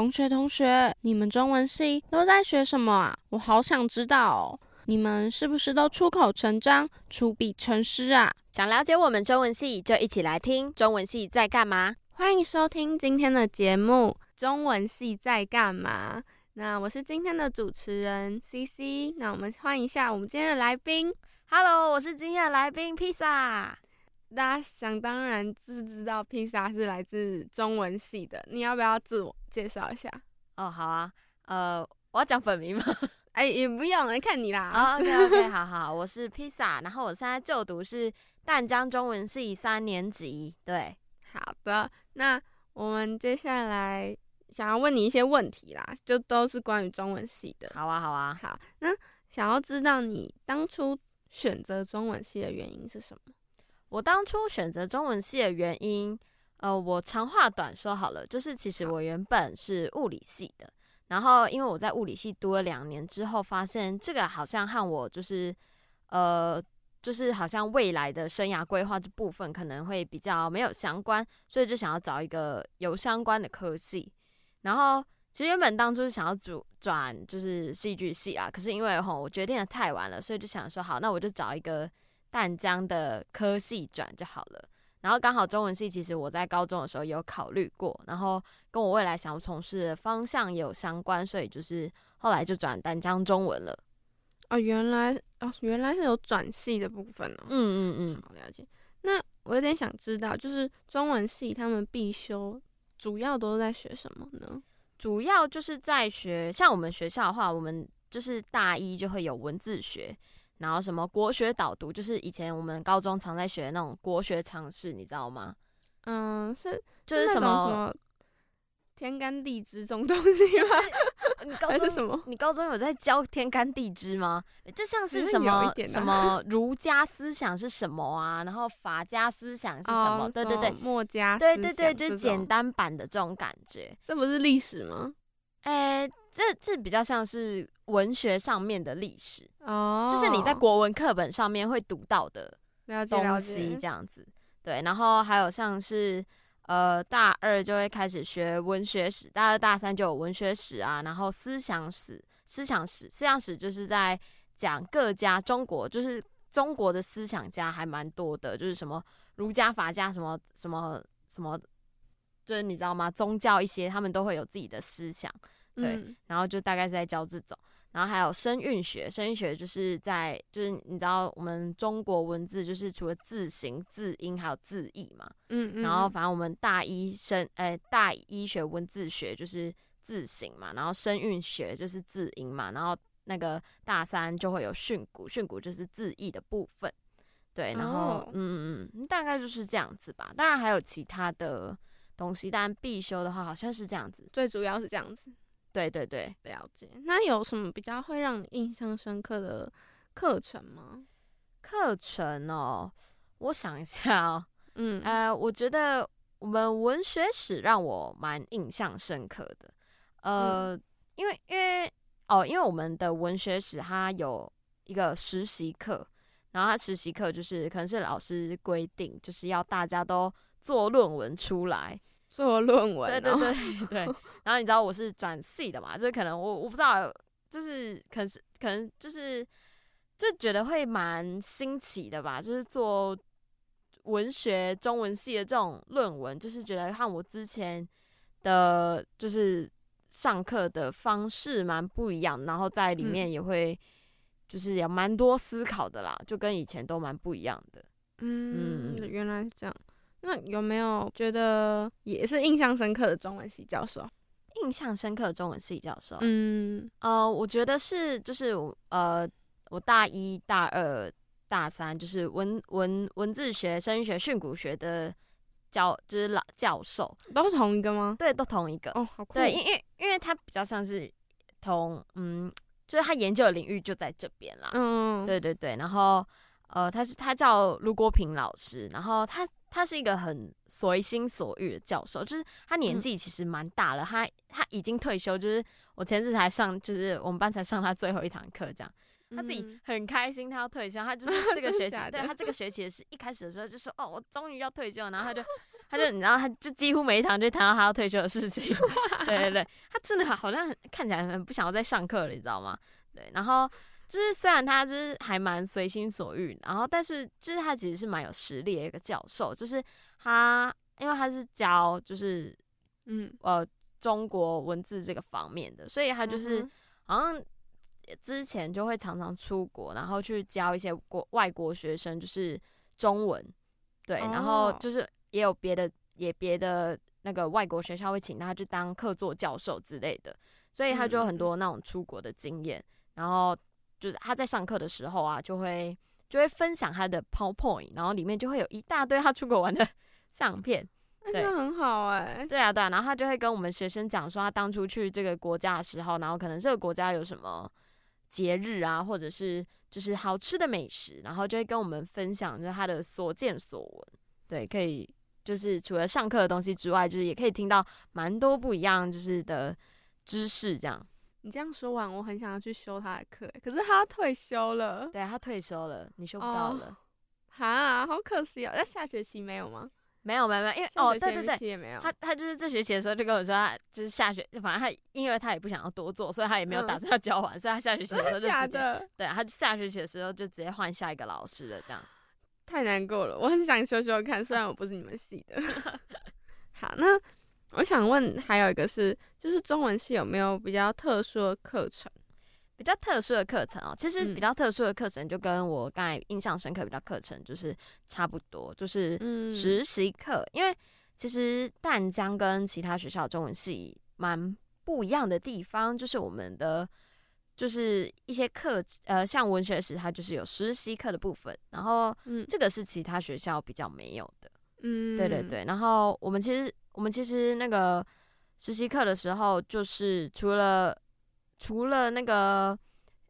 同學，同學，你們中文系都在學什麼啊？我好想知道哦，你們是不是都出口成章、出筆成詩啊？想了解我們中文系，就一起來聽《中文系在幹嘛》。歡迎收聽今天的節目《中文系在幹嘛》。那我是今天的主持人 CC。那我們歡迎一下我們今天的來賓。Hello，我是今天的來賓披薩。大家想當然就是知道披薩是來自中文系的。你要不要自我介紹一下？哦，好啊，呃，我要講本名嗎？哎、 欸，也不用，來看你啦。哦，OK 好好好，我是披薩， 然後我現在就讀是淡江中文系三年級。對，好的，那我們接下來想要問你一些問題啦，就都是關於中文系的。好啊，好啊，好。那想要知道你當初選擇中文系的原因是什麼？我當初選擇中文系的原因，呃，我長話短說好了，就是其實我原本是物理系的，啊，然後因為我在物理系讀了兩年之後，發現這個好像和我就是，呃，就是好像未來的生涯規劃這部分可能會比較沒有相關，所以就想要找一個有相關的科系。然後其實原本當初是想要主轉就是戲劇系啊，可是因為吼我決定得太晚了，所以就想說好，那我就找一個。淡江的科系轉就好了，然後剛好中文系其實我在高中的時候有考慮過，然後跟我未來想要從事的方向也有相關，所以就是後來就轉淡江中文了。啊，原來啊，原來是有轉系的部分呢。嗯嗯嗯，好了解。那我有點想知道，就是中文系他們必修主要都是在學什麼呢？主要就是在學，像我們學校的話，我們就是大一就會有文字學。然後什麼國學導讀，就是以前我們高中常在學的那種國學常識，你知道嗎？嗯，是就是什麼是什麼天干地支這種東西嗎？ 你高中什麼？你高中有在教天干地支嗎？就像是什麼什麼儒家思想是什麼啊？ 然後法家思想是什麼？哦、對，對對對，墨家，對對對，就簡單版的這種感覺，這不是歷史嗎？誒。這這比較像是文學上面的歷史哦，oh, 就是你在國文課本上面會讀到的東西，這樣子，對。然後還有像是呃，大二就會開始學文學史，大二大三就有文學史啊，然後思想史。思想史，思想史就是在講各家中國，就是中國的思想家還蠻多的，就是什麼儒家、法家，什麼什麼什麼，就是你知道嗎？宗教一些，他們都會有自己的思想。對，然後就大概是在教這種，然後還有聲韻學，聲韻學就是在就是你知道我們中國文字就是除了字形、字音還有字義嘛嗯，嗯，然後反正我們大一生、欸、大一學文字學就是字形嘛，然後聲韻學就是字音嘛，然後那個大三就會有訓詁，訓詁就是字義的部分，對，然後、哦、嗯嗯嗯，大概就是這樣子吧，當然還有其他的東西，但必修的話好像是這樣子，最主要是這樣子。對對對，了解。那有什麼比較會讓你印象深刻的課程嗎？課程哦，我想一下哦。嗯呃，我覺得我們文學史讓我蠻印象深刻的。呃，嗯，因為因為哦，因為我們的文學史它有一個實習課，然後它實習課就是可能是老師規定就是要大家都做論文出來。做論文，對對對對，然後你知道我是轉系的嘛？就是可能我我不知道，就是可是可能就是就覺得會蠻新奇的吧。就是做文學中文系的這種論文，就是覺得和我之前的就是上課的方式蠻不一樣，然後在裡面也會、嗯、就是有蠻多思考的啦，就跟以前都蠻不一樣的。嗯，嗯，原來是這樣。那有沒有覺得也是印象深刻的中文系教授？印象深刻的中文系教授，嗯呃，我覺得是就是我呃，我大一大二大三就是文文文字學、聲韻學、訓詁學的教就是老教授都是同一個嗎？對，都同一個哦，好酷對，因為因為他比較像是同嗯，就是他研究的領域就在這邊啦，嗯，對對對，然後呃，他是他叫盧國平老師，然後他。他是一個很隨心所欲的教授，就是他年紀其實蠻大了，他他、嗯、已經退休，就是我前次才上，就是我們班才上他最後一堂課，這樣他自己很開心，他要退休，他就是這個學期，嗯、對他這個學期是一開始的時候就說哦、 嗯喔，我終於要退休了，然後他就他就，他就你知道，他就幾乎每一堂就談到他要退休的事情，對哇 哇 對對，他真的好像很看起來很不想要再上課了，你知道嗎？對，然後。就是雖然他就是還蠻隨心所欲，然後但是就是他其實是蠻有實力的一個教授。就是他因為他是教就是嗯呃中國文字這個方面的，所以他就是、嗯、哼好像之前就會常常出國，然後去教一些國外國學生就是中文，對，哦、然後就是也有別的也別的那個外國學校會請他去當客座教授之類的，所以他就有很多那種出國的經驗，嗯、然後。就是他在上課的時候啊，就會就會分享他的 PowerPoint，然後裡面就會有一大堆他出國玩的相片，那就很好哎、欸。對啊，對啊，然後他就會跟我們學生講說，他當初去這個國家的時候，然後可能這個國家有什麼節日啊，或者是就是好吃的美食，然後就會跟我們分享就是他的所見所聞。對，可以就是除了上課的東西之外，就是也可以聽到蠻多不一樣就是的知識這樣。你這樣說完，我很想要去修他的課、欸，可是他退休了。對，他退休了，你修不到了、哦。哈，好可惜哦。那下學期沒有嗎？沒有，沒有，沒有，因為下學期哦，對對對，也沒有。他他就是這學期的時候就跟我說，他就是下學，反正他因為他也不想要多做，所以他也沒有打算要教完，嗯、所以他下學期的時候就直接，假的對，他下學期的時候就直接換下一個老師了這樣。太難過了，我很想修修看，雖然我不是你們系的。嗯、 好，那。我想問，還有一個是，就是中文系有沒有比較特殊的課程？比較特殊的課程哦、喔，其實比較特殊的課程就跟我剛才印象深刻比較課程就是差不多，就是實習課。嗯、因為其實淡江跟其他學校中文系蠻不一樣的地方，就是我們的就是一些課，呃，像文學史它就是有實習課的部分，然後這個是其他學校比較沒有的。嗯，對對對。然後我們其實。我們其實那個實習課的時候，就是除了除了那個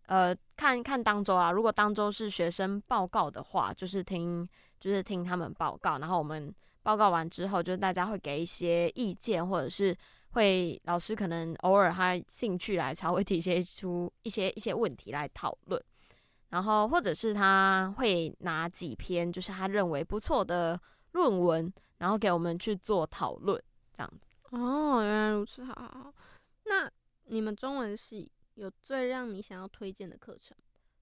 呃，看看當周啊，如果當周是學生報告的話，就是聽就是聽他們報告，然後我們報告完之後，就是大家會給一些意見，或者是會老師可能偶爾他興趣來才會提現出一些一些問題來討論，然後或者是他會拿幾篇就是他認為不錯的論文。然後給我們去做討論，這樣子。哦，原來如此，好好好。那你們中文系有最讓你想要推薦的課程？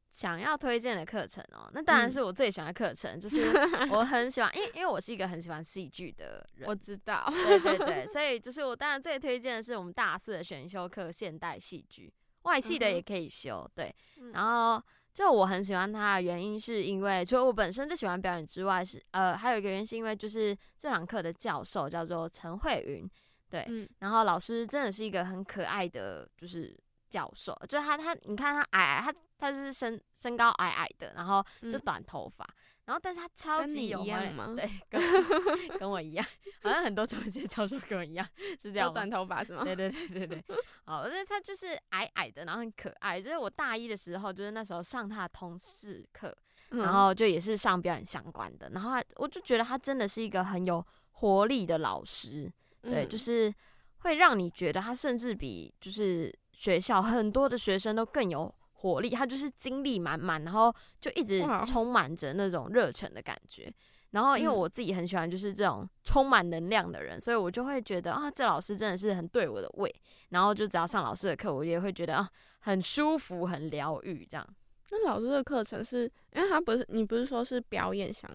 想要推薦的課程哦，那當然是我最喜歡的課程，嗯、就是我很喜歡， 因為因為我是一個很喜歡戲劇的人，我知道，對對對， 所以就是我當然最推薦的是我們大四的選修課《現代戲劇》，外系的也可以修，嗯、哼對，嗯、然後。就我很喜歡他的原因，是因為除了我本身就喜歡表演之外是，是呃，還有一個原因，是因為就是這堂課的教授叫做陳慧雲，對，嗯、然後老師真的是一個很可愛的，就是教授，就是他他，你看他矮矮，他他就是身身高矮矮的，然後就短頭髮。嗯然後，但是他超級有嘛，對，跟 跟我一樣，好像很多中文教授跟我一樣，是這樣，短頭髮是嗎？對對對對對。好，那他就是矮矮的，然後很可愛。就是我大一的時候，就是那時候上他的通識課，然後就也是上表演相關的。嗯、然後他我就覺得他真的是一個很有活力的老師，對，嗯、就是會讓你覺得他甚至比就是學校很多的學生都更有。活力，他就是精力滿滿，然後就一直充滿着那種熱忱的感覺。然後，因為我自己很喜歡，就是這種充滿能量的人，所以我就會覺得啊，這老師真的是很對我的胃。然後，就只要上老師的課，我也會覺得啊，很舒服，很療癒。這樣。那老師的課程是因為他不是你不是說是表演像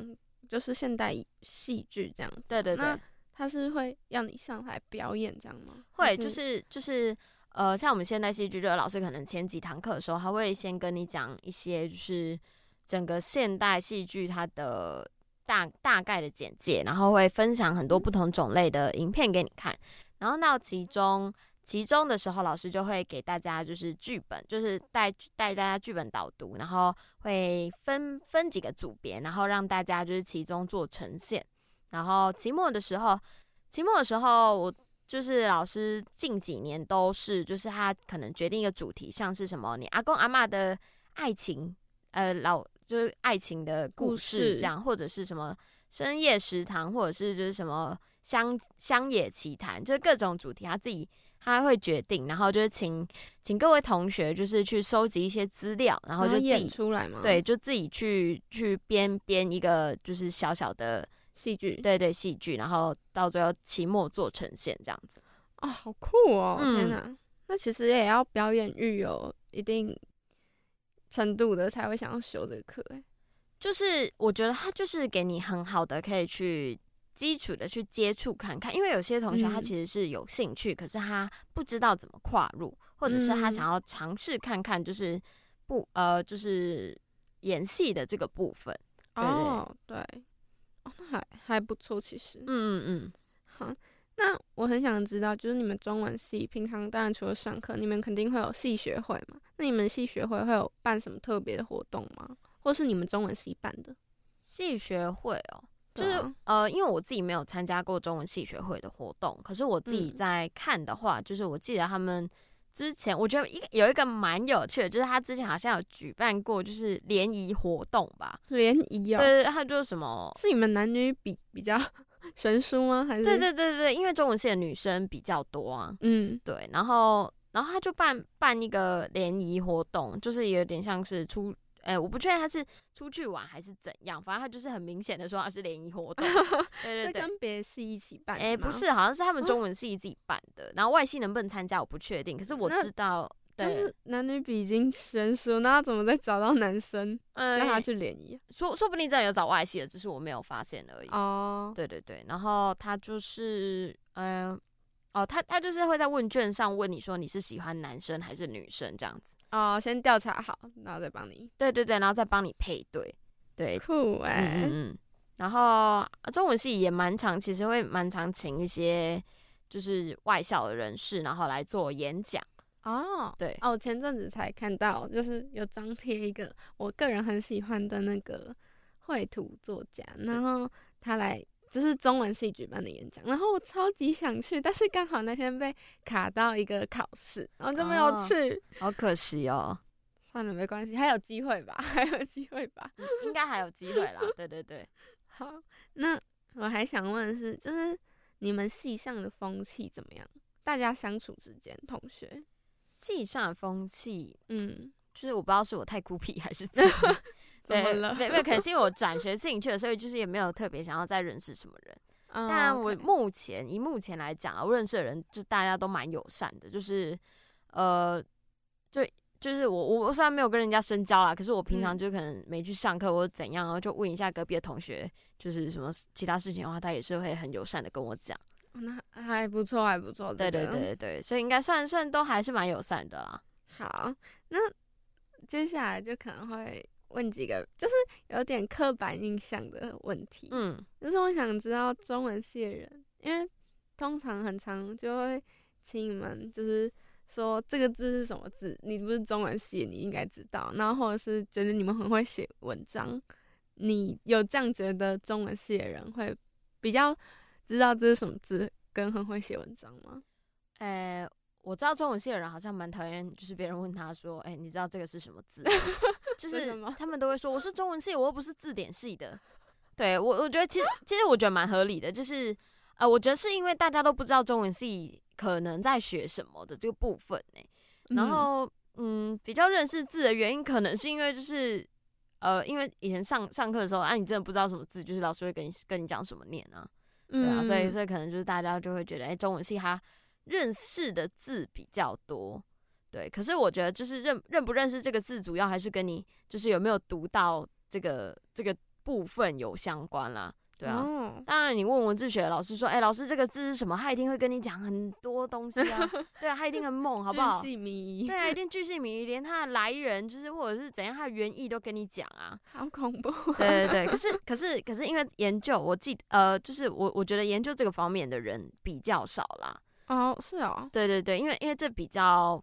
就是現代戲劇這,這樣？對對對，他是會讓你上台表演這樣嗎？會，就是就是。呃，像我們現代戲劇，這老師可能前幾堂課的時候，他會先跟你講一些，就是整個現代戲劇它的大大概的簡介，然後會分享很多不同種類的影片給你看，然後到期中期中的時候，老師就會給大家就是劇本，就是帶帶大家劇本導讀，然後會分分幾個組別，然後讓大家就是期中做呈現，然後期末的時候，期末的時候我。就是老師近幾年都是，就是他可能決定一個主題，像是什麼你阿公阿嬤的愛情，呃，老就是愛情的故事這樣，或者是什麼深夜食堂，或者是就是什麼鄉鄉野奇談，就是各種主題，他自己他會決定，然後就是請請各位同學就是去收集一些資料，然後就演出來嘛，對，就自己去去編編一個就是小小的。戲劇，對對，戲劇，然後到最後期末做呈現這樣子哦，好酷哦！嗯、天哪，那其實也要表演欲有一定程度的才會想要修這個課哎。就是我覺得他就是給你很好的可以去基礎的去接觸看看，因為有些同學他其實是有興趣，嗯、可是他不知道怎麼跨入，或者是他想要嘗試看看，就是不呃就是演戲的這個部分。對不對？哦，對。還還不錯，其實，嗯嗯嗯，嗯好，那我很想知道，就是你們中文系平常當然除了上課，你們肯定會有系學會嘛？那你們系學會會有辦什麼特別的活動嗎？或是你們中文系辦的系學會哦、喔？就是、啊、呃，因為我自己沒有參加過中文系學會的活動，可是我自己在看的話，嗯、就是我記得他們。之前我覺得一個有一個蠻有趣的，就是他之前好像有舉辦過就是聯誼活動吧？聯誼啊？對對，他就是什麼？是你們男女比比較懸殊嗎？還是？對對對對對，因為中文系的女生比較多啊。嗯，對，然後然後他就辦辦一個聯誼活動，就是有點像是出。哎、欸，我不確定他是出去玩還是怎樣，反正他就是很明顯的說他是聯誼活動， 對對對，跟別系一起辦的。哎、欸，不是，好像是他們中文系自己辦的，哦、然後外系能不能參加我不確定，可是我知道，那對就是男女比已經懸殊，那他怎麼再找到男生讓他去聯誼？欸、對說說不定真的有找外系的，只、就是我沒有發現而已。哦，對對對，然後他就是，哎呀哦，他他就是會在問卷上問你說你是喜歡男生還是女生這樣子。哦，先調查好，然後再幫你。對對對，然後再幫你配對。對，酷欸。嗯，然後中文系也蠻常，其實會蠻常請一些就是外校的人士，然後來做演講。哦，對。哦，我前陣子才看到，就是有張貼一個我個人很喜歡的那個繪圖作家，然後他來。就是中文系舉辦的演講，然後我超級想去，但是剛好那天被卡到一個考試，然後就沒有去，哦、好可惜哦。算了，沒關係，還有機會吧？還有機會吧？應該還有機會啦。 對，對對對。好，那我還想問的是，就是你們系上的風氣怎麼樣？大家相處之間，同學系上的風氣，嗯，就是我不知道是我太孤僻還是怎麼。 對，沒沒， 可是我轉學進去，所以就是也沒有特別想要再認識什麼人。Oh, okay. 但我目前以目前來講啊，我認識的人就大家都蠻友善的，就是呃，就就是我我雖然沒有跟人家深交啦，可是我平常就可能沒去上課，我怎樣？啊，然後就問一下隔壁的同學，就是什麼其他事情的話，他也是會很友善的跟我講。那還不錯，還不錯。對對對對對，所以應該算算都還是蠻友善的啦。好，那接下來就可能會。問幾個就是有點刻板印象的問題，嗯，就是我想知道中文系的人，因為通常很常就會請你們就是說，這個字是什麼字，你不是中文系，你應該知道，然後或者是覺得你們很會寫文章，你有這樣覺得中文系的人會比較知道這是什麼字跟很會寫文章嗎？誒。我知道中文系的人好像蠻討厭，就是別人問他說：“哎、欸，你知道這個是什麼字？” 就是他們都會說：“我是中文系，我又不是字典系的。對”對我，我覺得其實其實我覺得蠻合理的，就是呃，我覺得是因為大家都不知道中文系可能在學什麼的這個部分呢、欸。然後嗯，比較認識字的原因，可能是因為就是呃，因為以前上上課的時候，啊，你真的不知道什麼字，就是老師會跟你跟你講什麼念啊，對啊，嗯、所以所以可能就是大家就會覺得，哎、欸，中文系它……認識的字比較多，對。可是我覺得，就是認認不認識這個字，主要還是跟你就是有沒有讀到這個這個部分有相關啦，對啊。哦、當然，你問文字學老師說：“哎、欸，老師，這個字是什麼？”他一定會跟你講很多東西啊。 對啊，他一定很猛，好不好？對啊，一定巨細靡遺，連他的來源就是或者是怎樣，他的原意都跟你講啊。好恐怖、啊！對對對，可是可是可是，可是因為研究，我記呃，就是我我覺得研究這個方面的人比較少啦。哦，oh, 是啊，喔，對對對，因為因為這比較，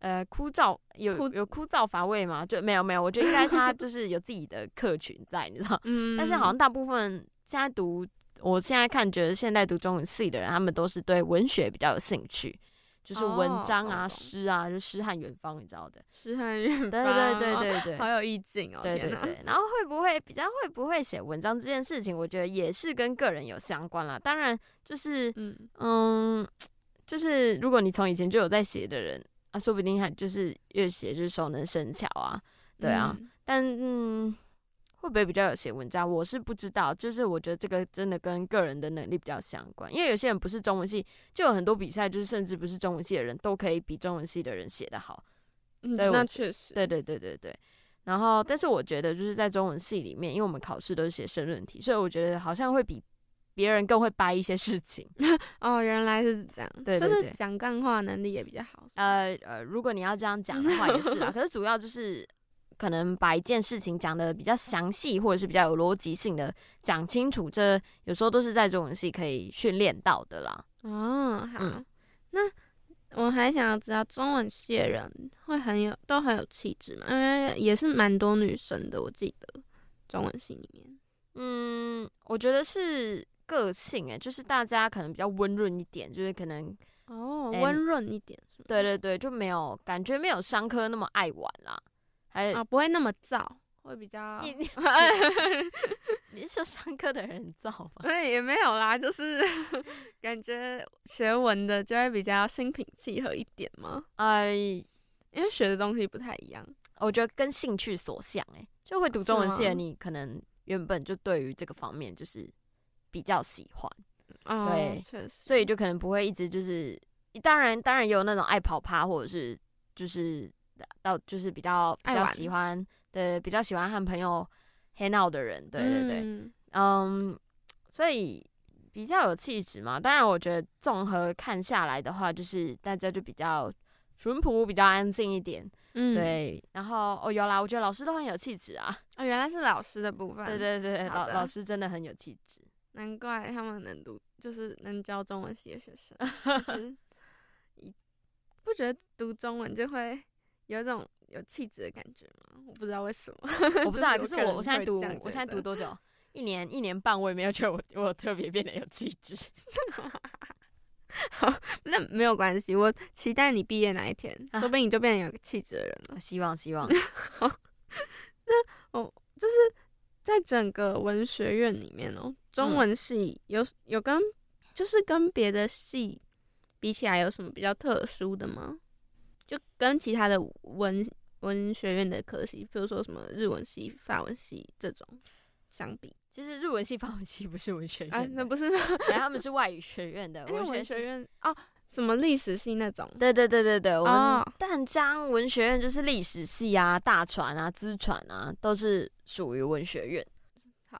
呃，枯燥，有有枯燥乏味嘛，就沒有沒有，我覺得應該他就是有自己的客群在， 你知道嗎？嗯，但是好像大部分現在讀，我現在看覺得現在讀中文系的人，他們都是對文學比較有興趣，就是文章啊、詩、oh, oh, oh. 啊，就《詩和遠方》，你知道的，《詩和遠方》。對對對對對，哦，好有意境哦。對對對，哪然後會不會比較會不會寫文章這件事情，我覺得也是跟個人有相關啦。當然就是嗯。嗯就是如果你從以前就有在寫的人啊，說不定還就是越寫就是熟能生巧啊，對啊。嗯，但嗯會不會比較有寫文章？我是不知道。就是我覺得這個真的跟個人的能力比較相關，因為有些人不是中文系，就有很多比賽，就是甚至不是中文系的人都可以比中文系的人寫得好。嗯，那確實。對對對對對。然後，但是我覺得就是在中文系裡面，因為我們考試都是寫申論題，所以我覺得好像會比。別人更會掰一些事情哦，原來是這樣，對，對，對，就是講幹話能力也比較好。呃呃，如果你要這樣講的話也是啦， 可是主要就是可能把一件事情講得比較詳細，或者是比較有邏輯性的講清楚，這有時候都是在中文系可以訓練到的啦。哦，好，嗯、那我還想要知道中文系的人會很有，都很有氣質嘛，因為也是蠻多女生的，我記得中文系裡面，嗯，我覺得是。個性哎、欸，就是大家可能比較溫潤一點，就是可能哦，溫潤、oh, 欸、一點是不是？對對對，就沒有感覺沒有商科那麼愛玩啦，還啊不會那麼燥，會比較你，你， 你是說商科的人燥嗎？對，也沒有啦，就是感覺學文的就會比較心平氣和一點嘛。哎、欸，因為學的東西不太一樣，我覺得跟興趣所向哎、欸，就會讀中文系的你嗎可能原本就對於這個方面就是。比較喜歡，oh, 對，確實，所以就可能不會一直就是，當然，當然也有那種愛跑趴或者是就是到就是比較愛玩，比較喜歡的，比較喜歡和朋友 hang out 的人，對對對,對，嗯，um, 所以比較有氣質嘛。當然，我覺得綜合看下來的話，就是大家就比較淳樸，比較安靜一點，嗯，對。然後哦，有啦，我覺得老師都很有氣質啊，啊、哦，原來是老師的部分，對對對，的老老師真的很有氣質。難怪他們能讀，就是能教中文系的學生。 就是不覺得讀中文就會有一種有氣質的感覺嗎？我不知道為什麼，我不知道。可 是我我現在讀，我現在讀多久？ 一年一年半，我也沒有覺得我我特別變得有氣質。 好，那沒有關係，我期待你畢業那一天，啊、說不定你就變成有個氣質的人了。希望希望。希望 好，那我就是在整個文學院裡面哦、喔。中文系有有跟，就是跟別的系比起來有什麼比較特殊的嗎？就跟其他的文文學院的科系，比如說什麼日文系、法文系這種相比，其實日文系、法文系不是文學院，哎、啊，那不是，哎、 欸，他們是外語學院的、欸、文學院，文學院哦，什麼歷史系那種？對對對對對，我們淡江、哦、文學院就是歷史系啊、大傳啊、資傳啊，都是屬於文學院。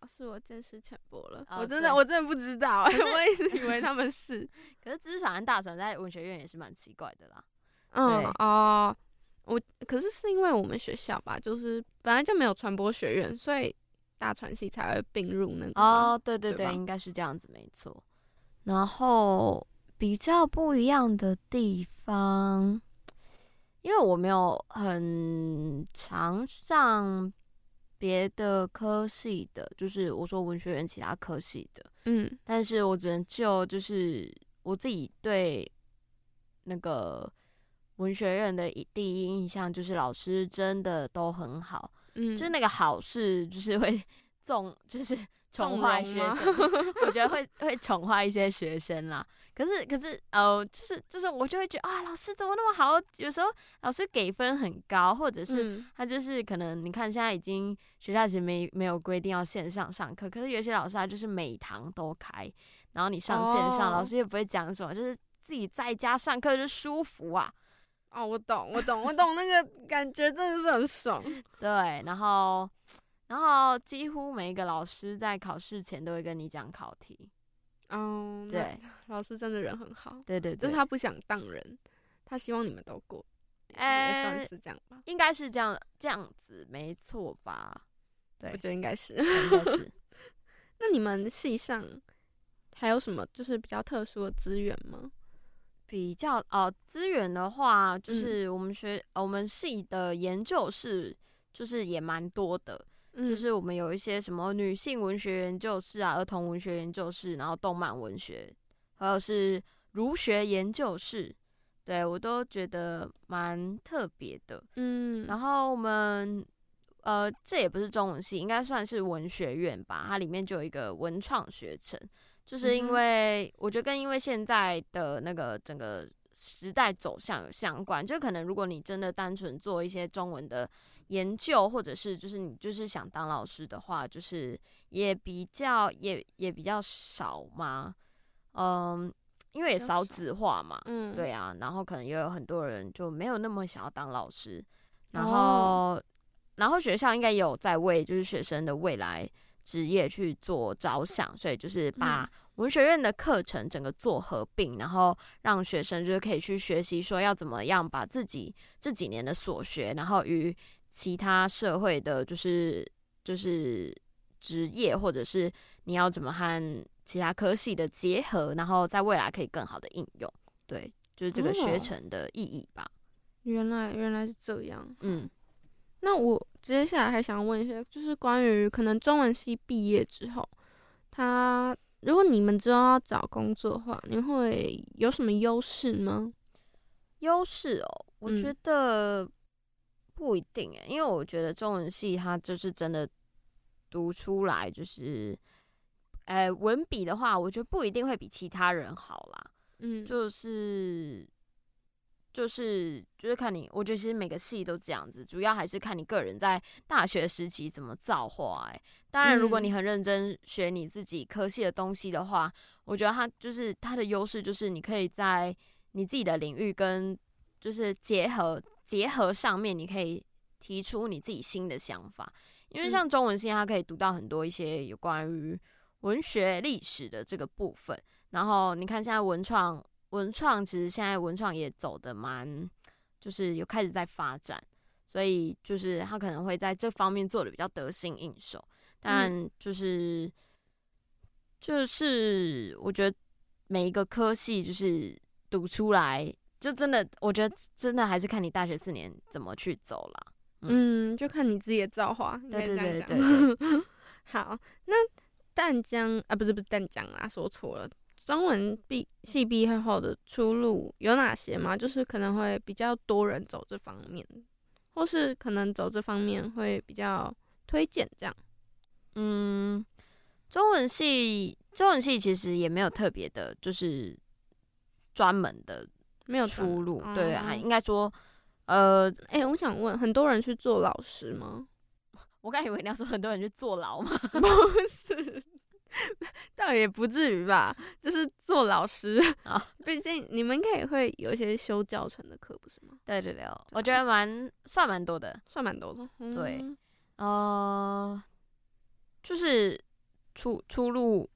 是我見識淺薄了，哦、我真的對我真的不知道，是我一直以為他們是。可是資傳和大傳在文學院也是蠻奇怪的啦。嗯哦對、呃，我可是是因為我們學校吧，就是本來就沒有傳播學院，所以大傳系才會併入那個。哦，對對對，對，對吧應該是這樣子沒錯。然後比較不一樣的地方，因為我沒有很常上，別的科系的，就是我說文學院其他科系的，嗯，但是我只能就就是我自己對那個文學院的第一印象，就是老師真的都很好，嗯，就是那個好是就是會總就是。寵壞學生，文 我覺得會會寵壞一些學生啦。可是可是呃，就是就是我就會覺得啊，老師怎麼那麼好？有時候老師給分很高，或者是他就是可能你看現在已經學校其實沒沒有規定要線上上課，可是有些老師他就是每一堂都開，然後你上線上，哦、老師也不會講什麼，就是自己在家上課就舒服啊。哦，我懂，我懂，我懂， 那個感覺真的是很爽。對，然後。然後幾乎每一個老師在考試前都會跟你講考題，嗯、um, 對，對，老師真的人很好，對對，對就是他不想當人，他希望你們都過，哎，欸、算是這樣吧，應該是這樣這樣子，沒錯吧？對，我覺得應該是應該是。 那你們系上還有什麼就是比較特殊的資源嗎？比較哦資源的話，就是我們學、嗯哦、我們系的研究室，就是也蠻多的。就是我們有一些什麼女性文學研究室啊，兒童文學研究室，然後動漫文學，還有是儒學研究室，對我都覺得蠻特別的。嗯，然後我們呃，這也不是中文系，應該算是文學院吧。它裡面就有一個文創學程。就是因為我覺得跟因為現在的那個整個時代走向有相關，就可能如果你真的單純做一些中文的。研究或者是就是你就是想當老師的話，就是也比較也也比較少嘛，嗯，因為也少子化嘛，嗯，對啊，然後可能也有很多人就沒有那麼想要當老師，然後、哦、然後學校應該也有在為就是學生的未來職業去做着想，所以就是把文學院的課程整個做合併，然後讓學生就是可以去學習說要怎麼樣把自己這幾年的所學，然後與其他社會的，就是就是職業，或者是你要怎麼和其他科系的結合，然後在未來可以更好的應用，對，就是這個學程的意義吧。哦，原來原來是這樣，嗯。那我接下來還想問一下，就是關於可能中文系畢業之後，他如果你們知道要找工作的話，你會有什麼優勢嗎？優勢哦，我覺得，嗯。不一定誒、欸，因為我覺得中文系它就是真的讀出來就是，誒、欸，文筆的話，我覺得不一定會比其他人好啦。嗯、就是，就是就是就是看你，我覺得其實每個系都這樣子，主要還是看你個人在大學時期怎麼造化、欸。當然如果你很認真學你自己科系的東西的話，嗯、我覺得它就是它的優勢就是你可以在你自己的領域跟就是結合。結合上面，你可以提出你自己新的想法，因為像中文系，它可以讀到很多一些有關於文學歷史的這個部分。然後你看，現在文創，文創其實現在文創也走的蠻，就是有開始在發展，所以就是他可能會在這方面做的比較得心應手。但就是就是我覺得每一個科系就是讀出來。就真的，我覺得真的還是看你大學四年怎麼去走了，嗯，嗯，就看你自己的造化。對對，對對對對， 好，那淡江啊，不是不是淡江啊，說錯了。中文畢系畢業後的出路有哪些嗎？就是可能會比較多人走這方面，或是可能走這方面會比較推薦這樣。嗯，中文系中文系其實也沒有特別的，就是專門的。沒有出路，啊對啊，嗯、應該說，呃，哎、欸，我想問，很多人去做老師嗎？我剛以為你要說很多人去坐牢嗎？ 不是，倒也不至於吧，就是做老師啊，好畢竟你們可以會有一些修教程的課，不是嗎？在這聊，對我覺得蠻算蠻多的，算蠻多的，多的嗯、對，呃，就是出出路，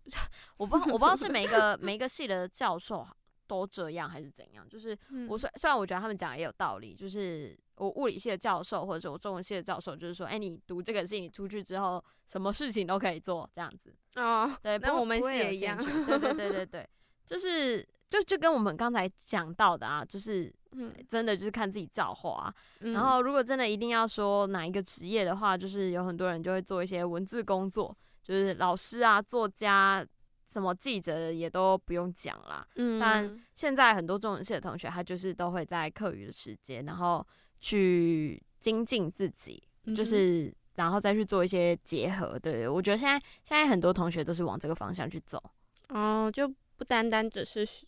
我不知道我不知道是每一個 每一個系的教授都這樣還是怎樣？就是我雖雖然我覺得他們講的也有道理，嗯、就是我物理系的教授或者是我中文系的教授，就是說，哎、欸，你讀這個系，你出去之後，什麼事情都可以做，這樣子啊？哦、對，但我們也一樣。對對，對對對對對，就是就就跟我們剛才講到的啊，就是真的就是看自己造化、啊。嗯、然後如果真的一定要說哪一個職業的話，就是有很多人就會做一些文字工作，就是老師啊、作家。什麼記者也都不用講啦，嗯，但現在很多中文系的同學，他就是都會在課餘的時間，然後去精進自己，嗯、哼就是然後再去做一些結合。對，我覺得現在現在很多同學都是往這個方向去走，哦，就不單單只是學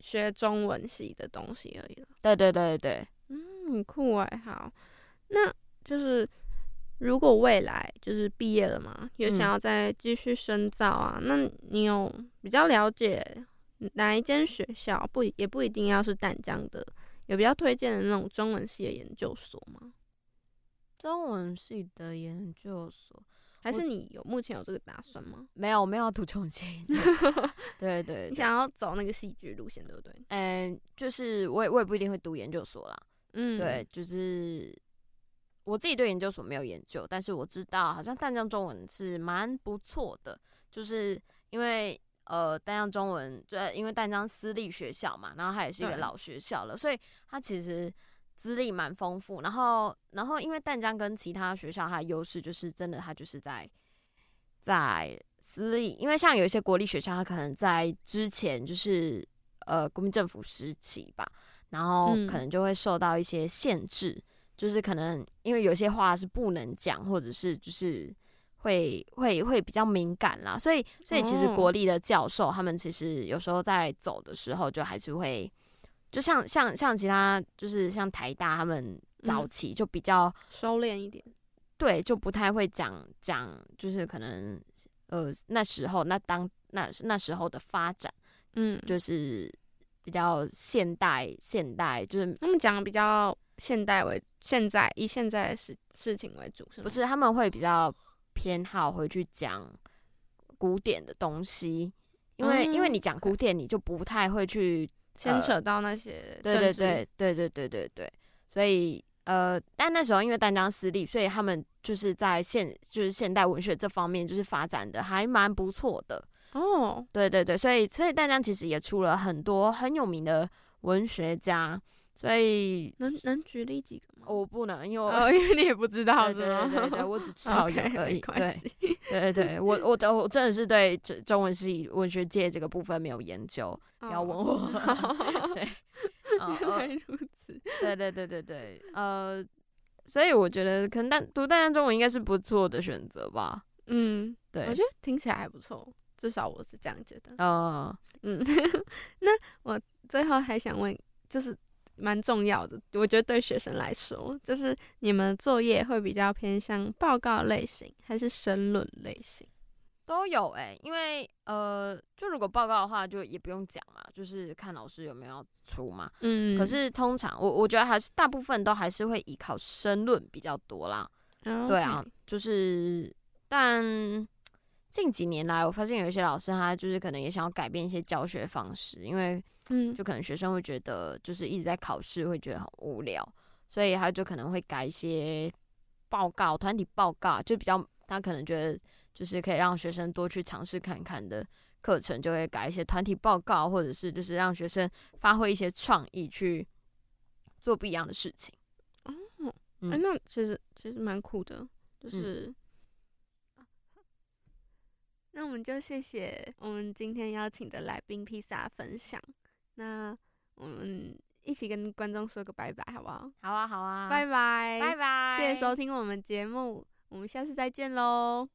學中文系的東西而已。對對對對，嗯，很酷耶，好，那就是。如果未來就是畢業了嘛，有想要再繼續深造啊？嗯、那你有比較了解哪一間學校？不，也不一定要是淡江的，有比較推薦的那種中文系的研究所嗎？中文系的研究所，還是你有我目前有這個打算嗎？沒有，我沒有要讀重慶。就是、 對，對，對對，你想要走那個戲劇路線，對不對？嗯，就是我也我也不一定會讀研究所啦。嗯，對，就是。我自己對研究所沒有研究，但是我知道好像淡江中文是蠻不錯的，就是因為呃淡江中文，就因為淡江私立學校嘛，然後它也是一個老學校了，對所以它其實資歷蠻豐富。然後，然後因為淡江跟其他學校它的優勢就是真的，它就是在在私立，因為像有一些國立學校，它可能在之前就是呃國民政府時期吧，然後可能就會受到一些限制。嗯就是可能因為有些話是不能講，或者是就是會會會比較敏感啦，所以所以其實國立的教授他們其實有時候在走的時候就還是會，就像像像其他就是像台大他們早期就比較收斂一點，對，就不太會講講，就是可能呃那時候那當那那時候的發展，嗯，就是比較現代現代，就是他們講比較。現代為現在以現在的事事情為主，是不是他們會比較偏好回去講古典的東西，因為、嗯、因為你講古典，你就不太會去牽扯到那些、呃、對對對對對對對對，所以呃，但那時候因為淡江私立，所以他們就是在現就是現代文學這方面就是發展的還蠻不錯的哦，對對對，所以所以淡江其實也出了很多很有名的文學家。所以能能舉例幾個嗎？我、哦、不能，因為我哦，因為你也不知道，是嗎？我只知道有而已。對對對對，我我我真的是對中中文系文學界這個部分沒有研究，不、哦、要問我。哦、對，原來如此。對、哦、對對對對，呃，所以我覺得可能但讀淡江中文應該是不錯的選擇吧。嗯，對，我覺得聽起來還不錯，至少我是這樣覺得。哦，嗯， 那我最後還想問，就是。蠻重要的，我覺得對學生來說，就是你們作業會比較偏向報告類型還是申論類型？都有誒、欸，因為呃，就如果報告的話，就也不用講嘛，就是看老師有沒有出嘛。嗯。可是通常我我覺得還是大部分都還是會依靠申論比較多啦。啊對啊，okay 就是但近幾年來，我發現有一些老師他就是可能也想要改變一些教學方式，因為。嗯，就可能學生會覺得，就是一直在考試，會覺得很無聊，所以他就可能會改一些報告、團體報告，就比較他可能覺得就是可以讓學生多去嘗試看看的課程，就會改一些團體報告，或者是就是讓學生發揮一些創意去做不一樣的事情。哦，嗯，欸，那其實其實蠻酷的，就是，嗯，那我們就謝謝我們今天邀請的來賓披薩分享。那我們一起跟觀眾說個拜拜，好不好？好啊，好啊 bye bye, bye bye，拜拜，拜拜，謝謝收聽我們節目，我們下次再見嘍。